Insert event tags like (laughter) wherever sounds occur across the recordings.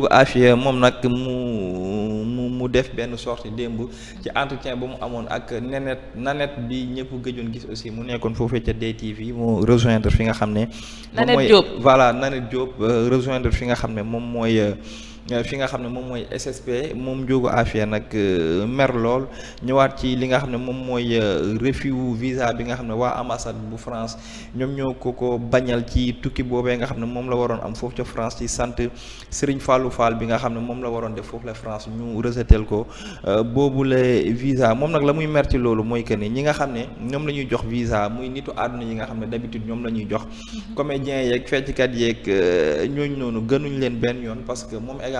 Ndiob Afia e moom nag mu mu mu def benn sortie démb ci entretien ba mu amoon ak nenet nanet bi ñëpp gëjoon gis aussi mu nekkoon foofee ca DTV mu rejoindre fi nga xam ne. nanet Diop voilà nanet Diop euh, rejoindre fi nga xam ne moom mooy. Euh, Euh, fi nga xam ne moom mooy SSP moom Ndiogou Afia nag euh, mer lool ñëwaat ci li nga xam ne moom mooy euh, refus visa bi nga xam ne waa ambassade bu France ñoom ñoo ko ko bañal ci tukki boobee nga xam ne moom la waroon am foofu ca France ci sant Serigne Fallou Fall bi nga xam ne moom la waroon def foofu la France ñu rejetel ko boobu la visa moom nag la muy mer ci loolu mooy que ni ñi nga xam ne ñoom la ñuy jox visa muy nitu àdduna yi nga xam ne d'habitude ñoom la ñuy jox mm-hmm. comédiens yeeg fecckat yeeg ñooñu noonu gënuñ leen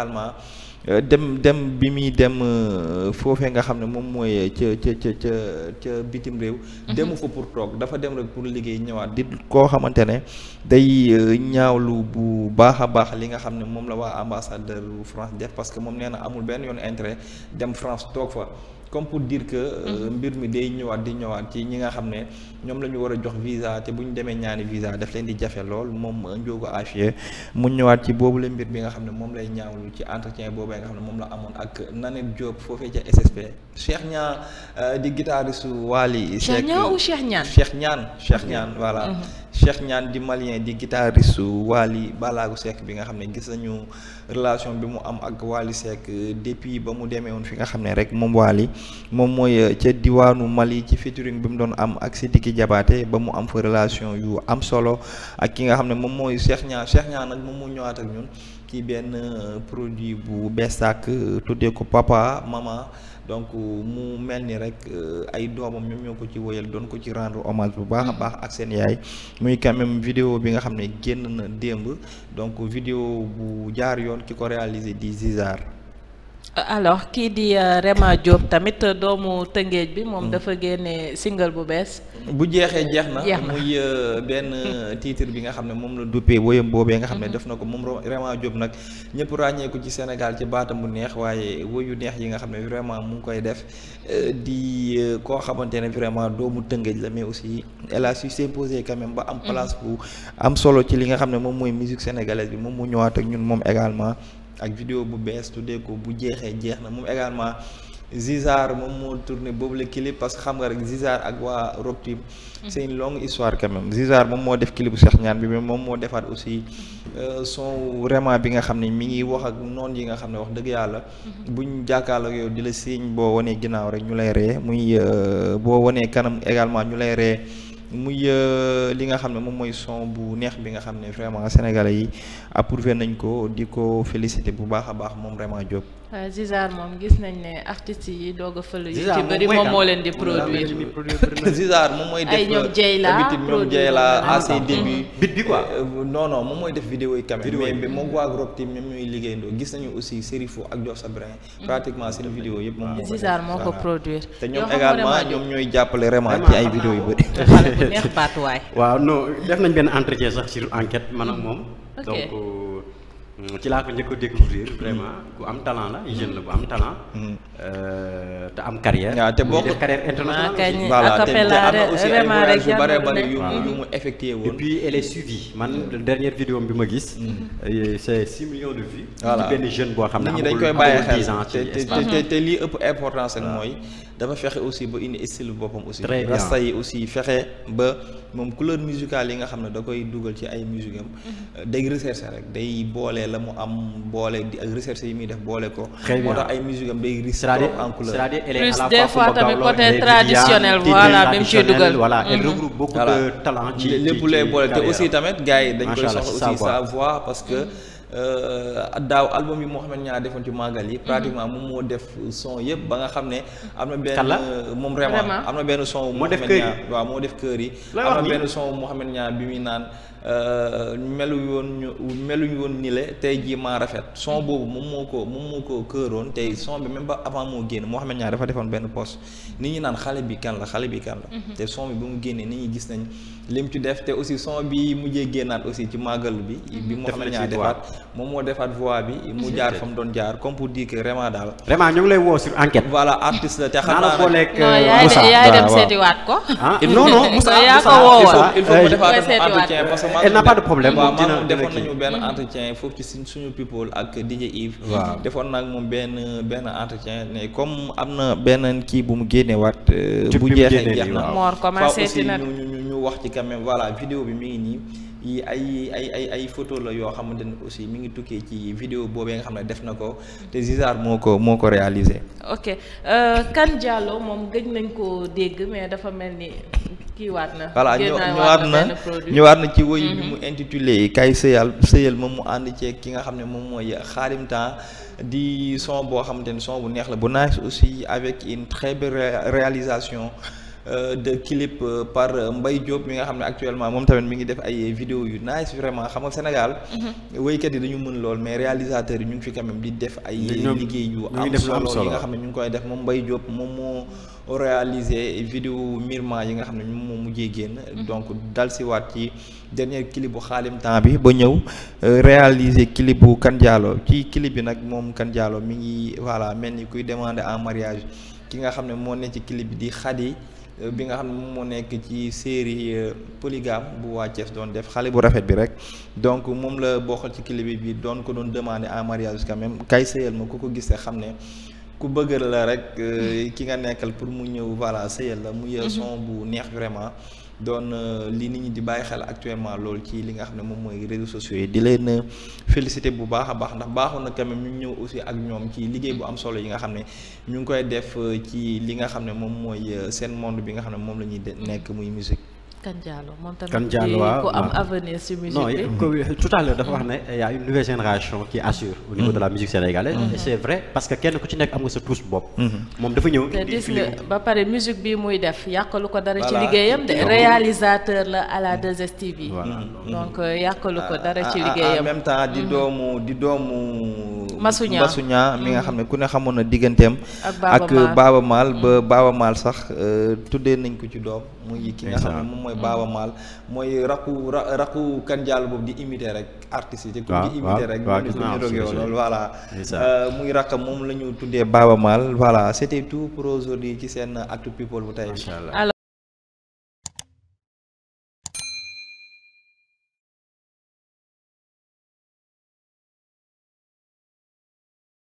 également euh, dem dem bi muy dem euh, foofee nga xam ne moom mooy euh, ca ca ca ca ca bitim réew. Mhm. demu fa pour toog dafa dem rek pour liggéey ñëwaat di koo xamante ne day ñaawlu bu baax a baax li nga xam ne moom la waa ambassadeur France def parce que moom nee na amul benn yoon intérêt dem France toog fa. comme pour dire que. Euh, mhm. mbir mi day ñëwaat di ñëwaat ci ñi nga xam ne ñoom la ñu war a jox visa te bu ñu demee ñaani visa daf leen di jafe lool moom euh, Ndiogou Afia e, mu ñëwaat ci boobu la mbir bi nga xam ne moom lay ñaawlu ci entretien boobee nga xam ne moom la amoon ak Nanette Diop foofee ca SSP. Cheikh Niang euh, di guitariste Wally. Cheikh Niang ou Cheikh Niang Cheikh Niang Cheikh Niang voilà. Mhm. Cheikh Niane di malien di guitariste Wally Ballago Seck bi nga xam ne gis nañu relation bi mu am ak Wally Seck depuis ba mu demee woon fi nga xam ne rek moom Wally moom mooy euh, ca diwaanu Mali ci featuring bi mu doon am ak Sidiki Diabaté ba mu am fa relation yu am solo ak ki nga xam ne moom mooy Cheikh Niane Cheikh nag moom mu ñëwaat ak ñun ci benn euh, produit bu bees ak euh, tuddee ko papa mama donc euh, mu mel ni rek euh, ay doomam ñoom ñoo ko ci woyal doon ko ci rendre hommage bu baax a baax ak seen yaay muy quand même vidéo bi nga xam ne génn na démb donc vidéo bu jaar yoon ki ko réalisé di Zizar alors kii di euh, Rema joob tamit euh, doomu Tëngéej bi moom mm. dafa génne single bu bees. bu jeexee jeex na muy euh, benn titre bi nga xam ne moom la duppee woyam boobee nga xam ne mm-hmm. def na ko moom Rema Diop nag ñëpp ràññeeku ci Sénégal ci baatam bu neex waaye woyu neex yi nga xam ne vraiment mu ngi koy def di koo xamante ne vraiment doomu Tëngéej la mais aussi elle a su s'imposer quand ba am mm-hmm. place bu am solo ci li nga xam ne moom mooy musique sénégalaise bi moom mu ñëwaat ñun moom également. ak vidéo bu bees tuddee ko bu jeexee jeex na moom également Zizar moom moo tourné boobu la clip parce que xam nga rek Zizar ak waa Rob Team mm-hmm. c'est une longue histoire quand même moom moo def clip bu ñaan bi mais moom moo defaat aussi mm-hmm. euh, son vraiment bi nga xam ne mi ngi wax ak noon yi nga xam ne wax dëgg yàlla mm-hmm. buñ jàkkaarloo ak yow di la siiñ boo wanee ginnaaw rek ñu lay ree muy euh, boo wanee kanam également ñu lay ree muy euh, li nga xam ne moom mooy son bu neex bi nga xam ne vraiment sénégalais yi approuvé nañ ko di ko félicité bu baax a baax moom Rema Diop Euh, Zizaar moom gis nañ ne artistes yi doog a fële yu ci bëri moom leen mooy def ay ñoom Jeyla ñoom Jeyla à ah, ses débuts euh, moom mooy def vidéo yi quand même mais ñooy liggéeyandoo gis nañu aussi Serifou ak Jof Sabrin mm-hmm. pratiquement seen vidéo yëpp moom Zizaar moo ko produire te ñoom également ñoom ñooy jàppale vraiment ci ay vidéo yu bëri xale bu neex baatuwaay waaw non def nañ benn entretien sax sur enquête man ak moom donc euh, ci laa ko njëkk a découvrir vraiment ku am talent la jeune la bu am talent. Mm-hmm. Euh, te am carrière. waaw ah, te boo ko carrière internationale aussi. voilà te am na bare bare yu yu mu effectué woon. et puis elle man dernière vidéo bi ma gis. c' est 6 millions de vues. voilà ci benn jeune boo xam ne amul amul 10 ans ci espagnol lii ëpp importance rek mooy. dafa fexe aussi ba indi style boppam aussi. très bien rasta yi aussi fexe ba moom couleur musicale yi nga xam ne da koy dugal ci ay musique am. Mm-hmm. Euh, day recherché rek day booleel. la mu am boole di ak recherche yi muy def boole ko. moo tax ay musique am day riche trop en couleur. c'est-à-dire elle est à la fois plus des fois tamit côté traditionnel dugal. voilà elle mm-hmm. regroupe beaucoup de talent. ci ci boole te aussi tamit gars dañ koy soxla aussi sa voix parce que. Mm-hmm. Euh, daaw album yi Mouhamed Niang defoon ci màggal yi. Mhm. pratiquement moom moo def son yëpp ba nga xam ne. am na benn moom vraiment am na benn son. moo def kër waaw moo def kër yi. am na benn son Mouhamed Niang bi muy naan euh, melu woon ñu meluñu woon nii la tey jii maa rafet son mhm. boobu moom moo ko moom moo ko këroon tey son bi même ba avant moo génn moo Mouhamed Niang dafa defoon benn poste nit ñi naan xale bi kan la xale bi kan la. Mhm. te son bi ba mu génnee nit ñi gis nañ lim ci def te aussi son bi mujjee génnaat aussi ci màggal bi. bi Mouhamed Niang defaat moom moo defaat voix bi mu jaar fa mu doon jaar comme pour dire que vraiment daal. vraiment ñu lay woo sur enquête. voilà artiste la te xam naa ne euh, Moussa yaay dem seetiwaat ko. Ah, (laughs) non non parce que. elle n'a pas de benn entretien foofu ci suñu people ak DJ Yves. defoon naag moom benn benn entretien ne comme am na benn kii bu mu génneewaat. Euh, bu jeexee jeex na waaw faaw aussi ñu ñu ñu wax ci quand voilà vidéo bi mi ngi nii. yi ay ay ay ay photo la yoo xamante ne aussi mu ngi tukkee ci vidéo boobee nga xam ne def na ko te Zizar moo ko moo ko réaliser ok euh, kan Diallo moom gëj nañ ko dégg mais dafa mel ni kiiwaat na. voilà ñëwaat na ñëwaat na ci woyu bi mu mhm. intitulé kay sëyal sëyal moom mu ànd ci ki nga xam ne moom mooy Xaadim Temps di son boo xamante ne son bu neex la bu nice aussi avec une très réalisation. Euh, de clip euh, par euh, mbay Diop mi nga xam ne actuellement moom tamit mi ngi def ay vidéo yu nice vraiment xam nga Sénégal. Mhm. wéykat yi dañu mën lool mais réalisateurs yi ñu ngi fi quand def ay. liggéey yu am solo nga xam ne ñu ngi koy def moom Mbaye Diop moom moo. réalisé vidéo Mirma yi nga xam ne ñu moom mujjee génn mhm. donc dal si ci dernier clip xaalim temps bi ba ñëw réalisé clip bu ci clip bi nag moom Kandialo mi ngi voilà mel ni kuy demandé en mariage ki nga xam ne moo ne ci clip bi di Xadi Euh, bi nga xam ne moom moo nekk ci série euh, polygame bu waa Thiès doon def xale bu rafet bi rek donc moom la bokkal ci clip bi doon ko doon demander en mariage quand même kay sëyal ma ku ko gisee xam ne ku bëgg la rek euh, ki nga nekkal pour mu ñëw voilà sëyal la mu yee mhm. son bu neex vraiment doon euh, li nit ñi di bàyyi xel actuellement loolu ci li nga xam ne moom mooy réseaux sociaux yi di leen euh, félicité bu baax a baax ndax baaxoon na quand même ñu ñëw aussi ak ñoom ci liggéey bu am solo yi nga xam ne ñu ngi koy def euh, ci li nga xam ne moom mooy seen monde bi nga xam ne moom la ñuy nekk muy musique Kane Diallo moom tamit Kane Diallo waaw ku am avenir si musique bi non tout à dafa wax ne y a une assure au niveau mm-hmm. mm-hmm. c'est vrai parce que kenn ku ci nekk am nga sa touche bopp mm-hmm. moom dafa ñëw te gis ba pare musique bi muy def yàqalu ko dara ci liggéeyam de réalisateur la à la 2STV donc euh, yàqalu ko dara ci liggéeyam di doomu di doomu Masuña Masuña mi nga mm. xam ne ku ne xamoon na digganteem. ak Baaba Maal mm. ba Baaba Maal sax euh, tuddee nañ ko ci doom. muy ki nga xam ne moom mooy Baaba mm. Maal mooy rakku ra kan Kandiaal boobu di imiter rek artiste yi. waaw waaw waaw rek loolu voilà. Euh, muy rakk moom la ñu tuddee Baaba Maal voilà c'était tout pour aujourd'hui ci seen actu people bu tey.